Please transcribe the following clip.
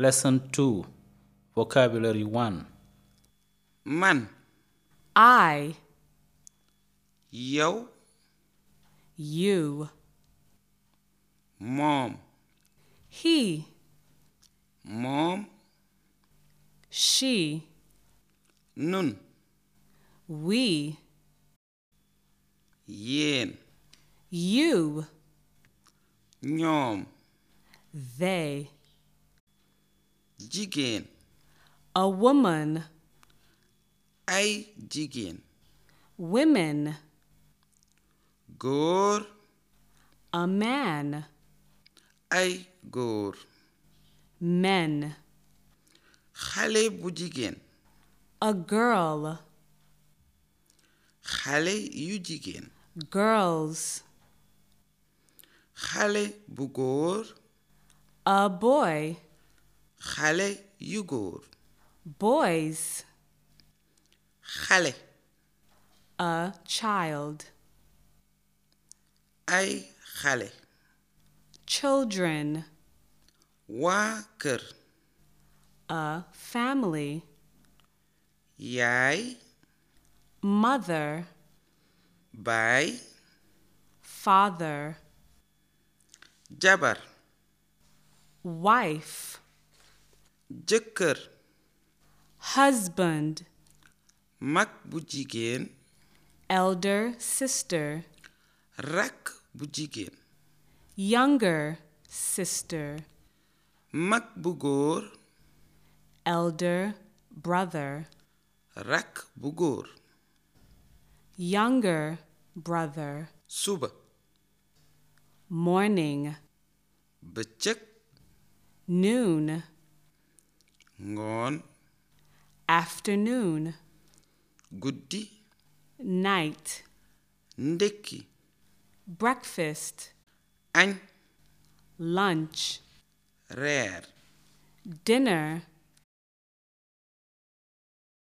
Lesson 2 Vocabulary 1 Man I Yow You Mom He Mom She Nun We Yen You Nyom They jigéen a woman ay jigéen women góor a man ay góor men xale bu jigéen a girl xale yu jigéen girls xale bu góor a boy xale yu góor boys xale a child ay xale children waa kër a family yaay mother baay father jabar wife jëkkër husband mag bu jigéen elder sister rakk bu jigéen younger sister mag bu góor elder brother rakk bu góor younger brother suba morning bëccëg noon ngoon afternoon guddi night ndekki breakfast añ lunch reer dinner